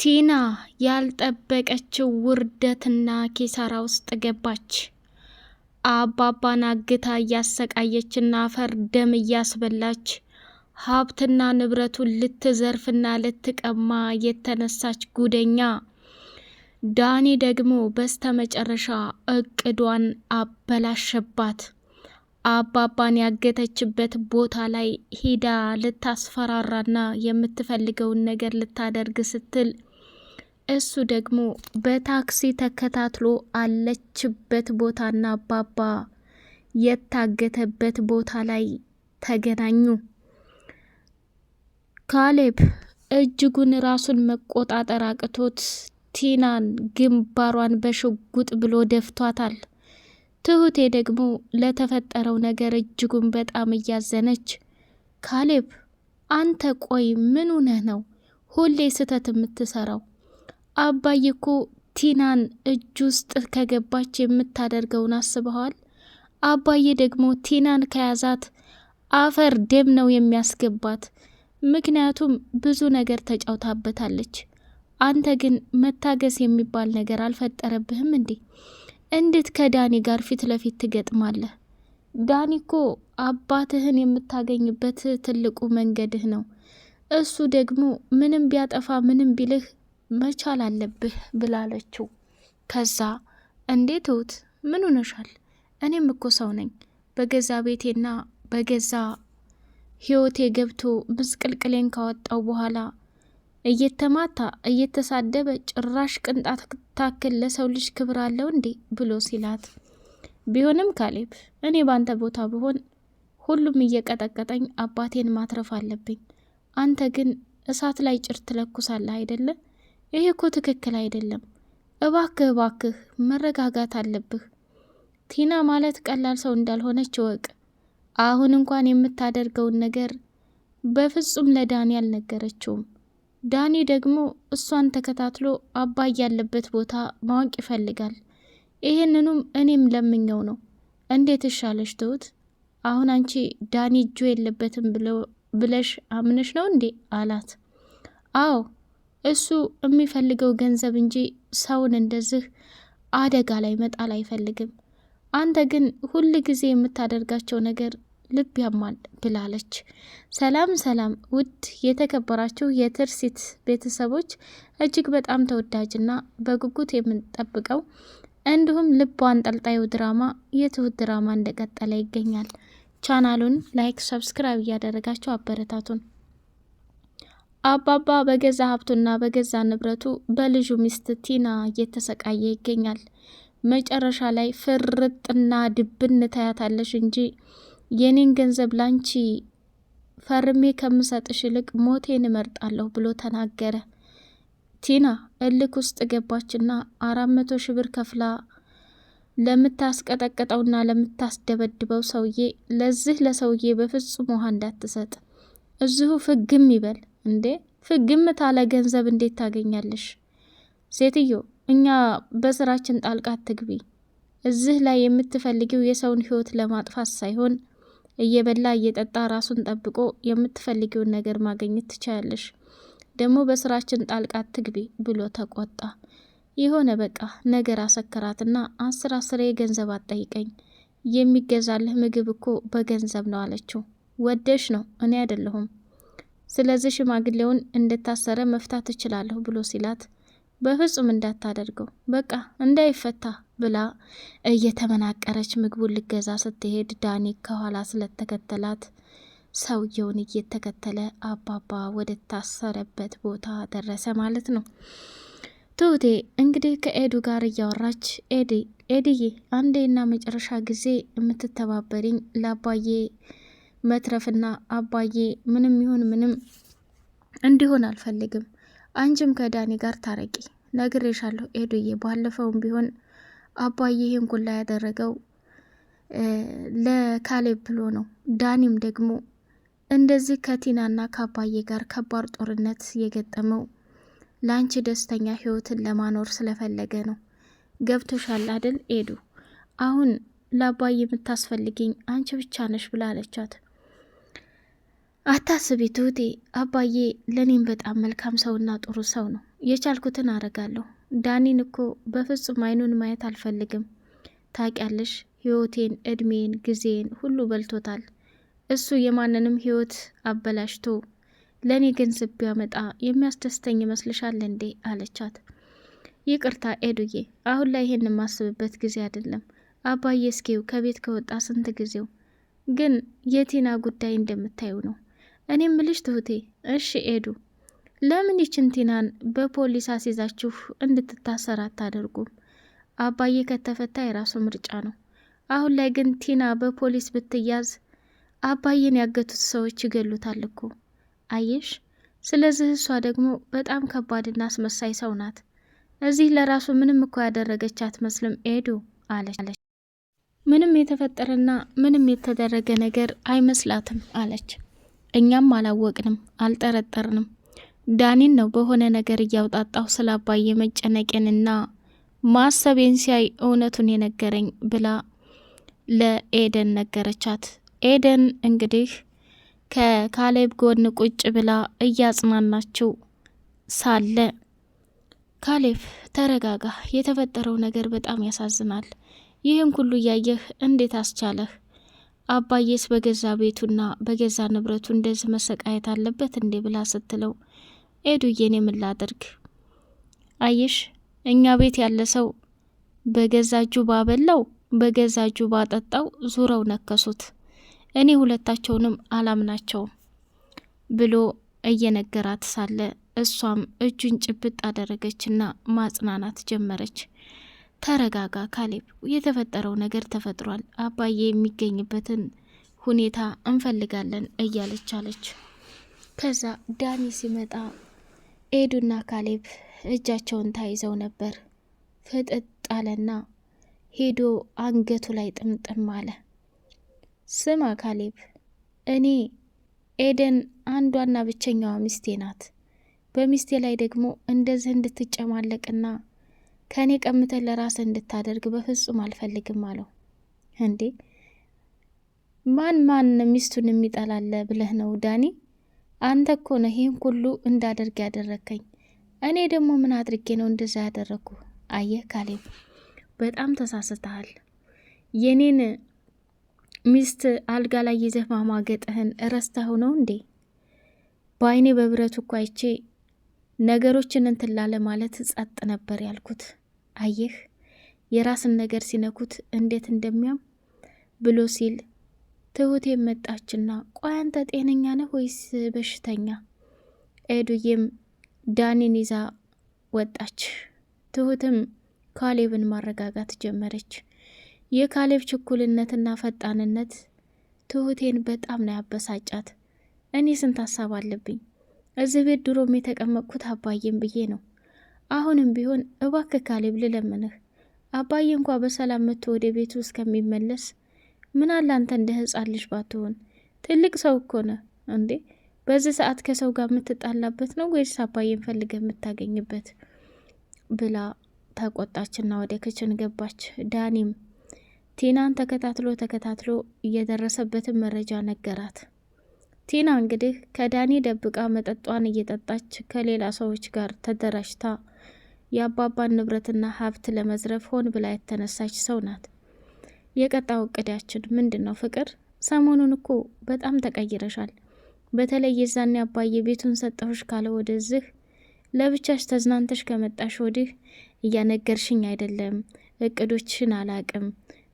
ቲና ያልጠበቀችው ውርደትና ኪሳራ ውስጥ ገባች። አባባን አግታ እያሰቃየችና አፈር ደም እያስበላች ሀብትና ንብረቱን ልትዘርፍና ልትቀማ የተነሳች ጉደኛ ዳኒ ደግሞ በስተመጨረሻ እቅዷን አበላሸባት። አባባን ያገተችበት ቦታ ላይ ሂዳ ልታስፈራራና የምትፈልገውን ነገር ልታደርግ ስትል እሱ ደግሞ በታክሲ ተከታትሎ አለችበት ቦታና አባባ የታገተበት ቦታ ላይ ተገናኙ። ካሌብ እጅጉን ራሱን መቆጣጠር አቅቶት ቲናን ግንባሯን በሽጉጥ ብሎ ደፍቷታል። ትሁቴ ደግሞ ለተፈጠረው ነገር እጅጉን በጣም እያዘነች፣ ካሌብ አንተ ቆይ ምን ሆነህ ነው ሁሌ ስህተት የምትሰራው? አባዬ እኮ ቲናን እጅ ውስጥ ከገባች የምታደርገውን አስበዋል። አባዬ ደግሞ ቲናን ከያዛት አፈር ደም ነው የሚያስገባት። ምክንያቱም ብዙ ነገር ተጫውታበታለች። አንተ ግን መታገስ የሚባል ነገር አልፈጠረብህም እንዴ? እንዴት ከዳኒ ጋር ፊት ለፊት ትገጥማለህ? ዳኒ እኮ አባትህን የምታገኝበት ትልቁ መንገድህ ነው። እሱ ደግሞ ምንም ቢያጠፋ ምንም ቢልህ መቻል አለብህ ብላለችው። ከዛ እንዴት እህት ምን ሆነሻል? እኔም እኮ ሰው ነኝ። በገዛ ቤቴና በገዛ ህይወቴ ገብቶ ምስቅልቅሌን ካወጣው በኋላ እየተማታ እየተሳደበ ጭራሽ ቅንጣት ታክል ለሰው ልጅ ክብር አለው እንዴ ብሎ ሲላት፣ ቢሆንም ካሌብ እኔ ባንተ ቦታ ብሆን ሁሉም እየቀጠቀጠኝ አባቴን ማትረፍ አለብኝ። አንተ ግን እሳት ላይ ጭር ትለኩሳለህ አይደለም ይህ እኮ ትክክል አይደለም። እባክህ እባክህ መረጋጋት አለብህ። ቲና ማለት ቀላል ሰው እንዳልሆነች እወቅ። አሁን እንኳን የምታደርገውን ነገር በፍጹም ለዳኒ አልነገረችውም። ዳኒ ደግሞ እሷን ተከታትሎ አባይ ያለበት ቦታ ማወቅ ይፈልጋል። ይህንኑም እኔም ለምኘው ነው። እንዴት እሻለሽ ትሁት? አሁን አንቺ ዳኒ እጁ የለበትም ብለሽ አምነሽ ነው እንዴ? አላት። አዎ እሱ የሚፈልገው ገንዘብ እንጂ ሰውን እንደዚህ አደጋ ላይ መጣል አይፈልግም። አንተ ግን ሁል ጊዜ የምታደርጋቸው ነገር ልብ ያማል ብላለች። ሰላም ሰላም! ውድ የተከበራችሁ የትርሲት ቤተሰቦች እጅግ በጣም ተወዳጅና በጉጉት የምንጠብቀው እንዲሁም ልብ አንጠልጣዩ ድራማ የትሁት ድራማ እንደቀጠለ ይገኛል። ቻናሉን ላይክ፣ ሰብስክራይብ እያደረጋችሁ አበረታቱን። አባባ በገዛ ሀብቱና በገዛ ንብረቱ በልጁ ሚስት ቲና እየተሰቃየ ይገኛል። መጨረሻ ላይ ፍርጥና ድብን ታያታለሽ እንጂ የኔን ገንዘብ ላንቺ ፈርሜ ከምሰጥሽ ይልቅ ሞቴን እመርጣለሁ ብሎ ተናገረ። ቲና እልክ ውስጥ ገባችና አራት መቶ ሺህ ብር ከፍላ ለምታስቀጠቅጠውና ለምታስደበድበው ሰውዬ ለዚህ ለሰውዬ በፍጹም ውሃ እንዳትሰጥ እዚሁ ፍግም ይበል እንዴ ፍግም ታለ ገንዘብ እንዴት ታገኛለሽ? ሴትዮ እኛ በስራችን ጣልቃ ትግቢ እዚህ ላይ የምትፈልጊው የሰውን ህይወት ለማጥፋት ሳይሆን እየበላ እየጠጣ ራሱን ጠብቆ የምትፈልጊውን ነገር ማገኘት ትችያለሽ። ደግሞ በስራችን ጣልቃ ትግቢ ብሎ ተቆጣ። የሆነ በቃ ነገር አሰከራትና አስር አስሬ ገንዘብ አጠይቀኝ የሚገዛልህ ምግብ እኮ በገንዘብ ነው አለችው። ወደሽ ነው እኔ አይደለሁም ስለዚህ ሽማግሌውን እንደታሰረ መፍታት እችላለሁ ብሎ ሲላት በፍጹም እንዳታደርገው በቃ እንዳይፈታ ብላ እየተመናቀረች ምግቡን ልገዛ ስትሄድ ዳኒ ከኋላ ስለተከተላት ሰውየውን እየተከተለ አባባ ወደ ታሰረበት ቦታ ደረሰ ማለት ነው። ትሁቴ እንግዲህ ከኤዱ ጋር እያወራች ኤድዬ አንዴና መጨረሻ ጊዜ የምትተባበሪኝ ለአባዬ መትረፍና አባዬ ምንም ይሁን ምንም እንዲሆን አልፈልግም። አንቺም ከዳኒ ጋር ታረቂ ነግሬሻለሁ ኤዱዬ። ባለፈውም ቢሆን አባዬ ይህን ኩላ ያደረገው ለካሌብ ብሎ ነው። ዳኒም ደግሞ እንደዚህ ከቲናና ከአባዬ ጋር ከባድ ጦርነት የገጠመው ለአንቺ ደስተኛ ህይወትን ለማኖር ስለፈለገ ነው። ገብቶሻል አይደል ኤዱ? አሁን ለአባዬ የምታስፈልግኝ አንቺ ብቻ ነሽ ብላ አለቻት። አታስቢ ትሁቴ፣ አባዬ ለእኔም በጣም መልካም ሰውና ጥሩ ሰው ነው። የቻልኩትን አረጋለሁ። ዳኒን እኮ በፍጹም አይኑን ማየት አልፈልግም። ታውቂያለሽ፣ ህይወቴን፣ እድሜን፣ ጊዜን ሁሉ በልቶታል። እሱ የማንንም ህይወት አበላሽቶ ለእኔ ገንዘብ ቢያመጣ የሚያስደስተኝ ይመስልሻል እንዴ? አለቻት። ይቅርታ ኤዱዬ፣ አሁን ላይ ይሄን የማስብበት ጊዜ አይደለም። አባዬ እስኪው ከቤት ከወጣ ስንት ጊዜው። ግን የቲና ጉዳይ እንደምታዩ ነው እኔ ምልሽ ትሁቴ፣ እሺ ኤዱ፣ ለምን ይችን ቲናን በፖሊስ አስይዛችሁ እንድትታሰር አታደርጉም? አባዬ ከተፈታ የራሱ ምርጫ ነው። አሁን ላይ ግን ቲና በፖሊስ ብትያዝ አባዬን ያገቱት ሰዎች ይገሉታል እኮ አየሽ። ስለዚህ እሷ ደግሞ በጣም ከባድና አስመሳይ ሰው ናት። እዚህ ለራሱ ምንም እኮ ያደረገች አትመስልም ኤዱ አለች። ምንም የተፈጠረና ምንም የተደረገ ነገር አይመስላትም አለች። እኛም አላወቅንም፣ አልጠረጠርንም። ዳኒን ነው በሆነ ነገር እያውጣጣሁ ስለ አባዬ ማሰቤን ሲያይ እውነቱን የነገረኝ ብላ ለኤደን ነገረቻት። ኤደን እንግዲህ ከካሌብ ጎን ቁጭ ብላ እያጽናናችው ሳለ ካሌብ ተረጋጋ፣ የተፈጠረው ነገር በጣም ያሳዝናል። ይህን ሁሉ እያየህ እንዴት አስቻለህ? አባዬስ በገዛ ቤቱና በገዛ ንብረቱ እንደዚህ መሰቃየት አለበት እንዴ ብላ ስትለው ኤዱዬን የምላደርግ አይሽ እኛ ቤት ያለ ሰው በገዛ እጁ ባበላው በገዛ እጁ ባጠጣው ዙረው ነከሱት። እኔ ሁለታቸውንም አላምናቸውም ብሎ እየነገራት ሳለ እሷም እጁን ጭብጥ አደረገችና ማጽናናት ጀመረች። ተረጋጋ ካሌብ፣ የተፈጠረው ነገር ተፈጥሯል። አባዬ የሚገኝበትን ሁኔታ እንፈልጋለን እያለች አለች። ከዛ ዳኒ ሲመጣ ኤዱና ካሌብ እጃቸውን ታይዘው ነበር። ፍጥጥ አለና ሄዶ አንገቱ ላይ ጥምጥም አለ። ስማ ካሌብ፣ እኔ ኤደን አንዷና ብቸኛዋ ሚስቴ ናት። በሚስቴ ላይ ደግሞ እንደዚህ እንድትጨማለቅና ከእኔ ቀምተን ለራስ እንድታደርግ በፍጹም አልፈልግም አለው። እንዴ ማን ማን ሚስቱን የሚጠላለ ብለህ ነው ዳኒ? አንተ እኮ ነህ ይህን ሁሉ እንዳደርግ ያደረግከኝ። እኔ ደግሞ ምን አድርጌ ነው እንደዛ ያደረግኩ? አየህ ካሌብ፣ በጣም ተሳስተሃል። የኔን ሚስት አልጋ ላይ ይዘህ ማማገጥህን እረስተኸው ነው እንዴ? በአይኔ በብረቱ እኳ አይቼ ነገሮችን እንትን ላለ ማለት ጸጥ ነበር ያልኩት። አየህ የራስን ነገር ሲነኩት እንዴት እንደሚያም ብሎ ሲል ትሁት የመጣችና ቆይ አንተ ጤነኛ ነህ ወይስ በሽተኛ? ኤዱዬም ዳኒን ይዛ ወጣች። ትሁትም ካሌብን ማረጋጋት ጀመረች። የካሌብ ችኩልነትና ፈጣንነት ትሁቴን በጣም ነው ያበሳጫት። እኔ ስንት ሀሳብ አለብኝ እዚህ ቤት ድሮም የተቀመጥኩት አባዬን ብዬ ነው። አሁንም ቢሆን እባክ ካሌብ ልለምንህ፣ አባዬ እንኳ በሰላም መጥቶ ወደ ቤቱ እስከሚመለስ ምናለ አንተ እንደ ሕፃን ልጅ ባትሆን። ትልቅ ሰው እኮ ነህ እንዴ! በዚህ ሰዓት ከሰው ጋር የምትጣላበት ነው ወይስ አባዬን ፈልገ የምታገኝበት? ብላ ተቆጣችና ወደ ክችን ገባች። ዳኒም ቲናን ተከታትሎ ተከታትሎ እየደረሰበትን መረጃ ነገራት። ቲና እንግዲህ ከዳኒ ደብቃ መጠጧን እየጠጣች ከሌላ ሰዎች ጋር ተደራጅታ የአባባን ንብረትና ሀብት ለመዝረፍ ሆን ብላ የተነሳች ሰው ናት። የቀጣው እቅዳችን ምንድን ነው? ፍቅር ሰሞኑን እኮ በጣም ተቀይረሻል። በተለይ የዛኔ አባዬ ቤቱን ሰጠሁሽ ካለ ወደዚህ ለብቻሽ ተዝናንተሽ ከመጣሽ ወዲህ እያነገርሽኝ አይደለም። እቅዶችሽን አላቅም፣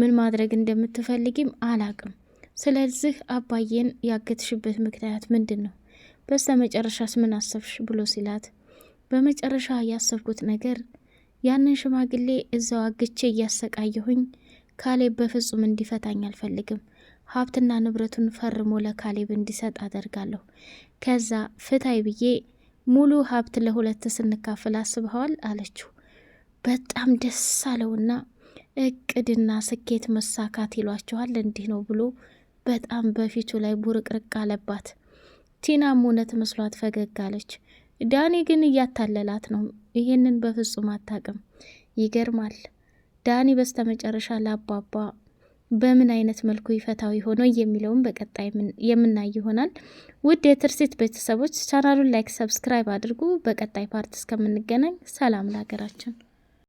ምን ማድረግ እንደምትፈልጊም አላቅም ስለዚህ አባዬን ያገትሽበት ምክንያት ምንድን ነው? በስተ መጨረሻስ ምን አሰብሽ? ብሎ ሲላት በመጨረሻ ያሰብኩት ነገር ያንን ሽማግሌ እዛው አግቼ እያሰቃየሁኝ ካሌብ በፍጹም እንዲፈታኝ አልፈልግም። ሀብትና ንብረቱን ፈርሞ ለካሌብ እንዲሰጥ አደርጋለሁ። ከዛ ፍታይ ብዬ ሙሉ ሀብት ለሁለት ስንካፍል አስበዋል አለችው። በጣም ደስ አለውና እቅድና ስኬት መሳካት ይሏቸዋል እንዲህ ነው ብሎ በጣም በፊቱ ላይ ቡርቅርቅ አለባት። ቲናም እውነት መስሏት ፈገግ አለች። ዳኒ ግን እያታለላት ነው። ይህንን በፍጹም አታቅም። ይገርማል። ዳኒ በስተመጨረሻ ለአባባ በምን አይነት መልኩ ይፈታው ሆኖ የሚለውን በቀጣይ የምናይ ይሆናል። ውድ የትርሲት ቤተሰቦች ቻናሉን ላይክ፣ ሰብስክራይብ አድርጉ። በቀጣይ ፓርት እስከምንገናኝ ሰላም ለሀገራችን።